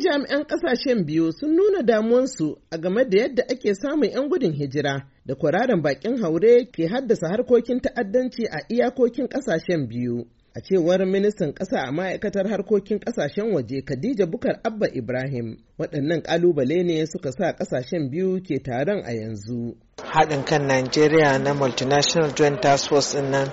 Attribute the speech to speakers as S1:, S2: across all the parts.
S1: jami'an ƙasashen biyu sun nuna damuwansu a game da yadda ake samun 'yan gudun hijira da kwararan bakin haure ke haddasa harkokin ta'addanci a iyakokin ƙasashen biyu. A cewar ministan ƙasa a ma'aikatar harkokin ƙasashen waje Khadija Bukar Abba Ibrahim, waɗannan ƙalubale ne suka sa ƙasashen biyu ke taron a yanzu.
S2: Haɗin kan Najeriya na Multinational Joint Task Force nan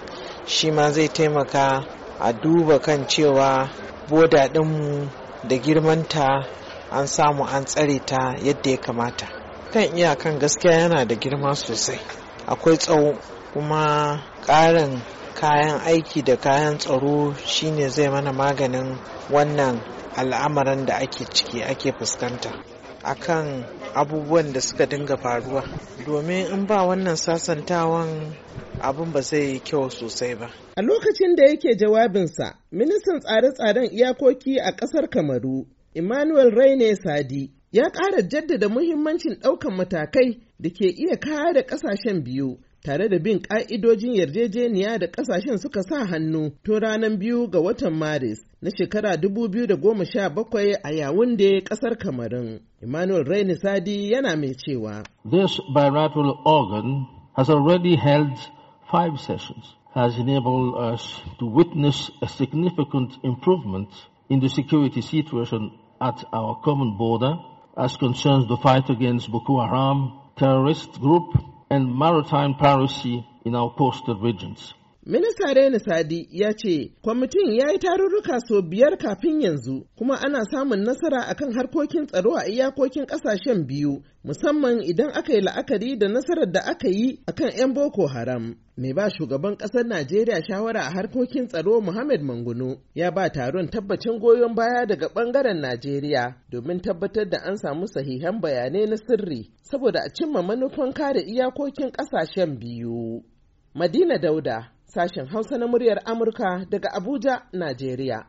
S2: shi ma zai taimaka a duba kan cewa boda ɗinmu da girmanta an samu an tsare ta yadda ya kamata kan iyakan gaskiya yana da girma sosai akwai tsawo kuma ƙarin kayan aiki da kayan tsaro shine zai mana maganin wannan al'amarin da ake ciki ake fuskanta akan abubuwan da suka dinga faruwa domin in ba wannan sasantawan abin ba zai yi kyau sosai ba. A
S1: lokacin da yake jawabinsa, ministan tsare-tsaren iyakoki a ƙasar Kamaru, Emmanuel Raine Sadi, ya ƙara jaddada muhimmancin ɗaukan matakai da ke iya kare ƙasashen biyu tare da bin ƙa'idojin yarjejeniya da ƙasashen suka sa hannu tun ranar biyu ga watan Maris na shekara 2017 a yawun da ƙasar Kamarin. Emmanuel Raine Sadi yana mai cewa. This
S3: bilateral organ has already held five sessions has enabled us to witness a significant improvement in the security situation at our common border as concerns the fight against Boko Haram terrorist group and maritime piracy in our coastal regions. Minista Reni
S1: Sadi ya ce, kwamitin ya yi tarurruka sau biyar kafin yanzu kuma ana samun nasara a kan harkokin tsaro a iyakokin ƙasashen biyu musamman idan aka yi la'akari da nasarar da aka yi akan 'yan Boko Haram. Mai ba shugaban ƙasar Najeriya shawara a harkokin tsaro Muhammad mangunu ya ba taron tabbacin goyon baya daga ɓangaren Najeriya domin tabbatar da an samu sahihan bayanai na sirri saboda a cimma manufan kare iyakokin ƙasashen biyu. Madina Dauda Sashen Hausa na muryar Amurka daga Abuja, Najeriya.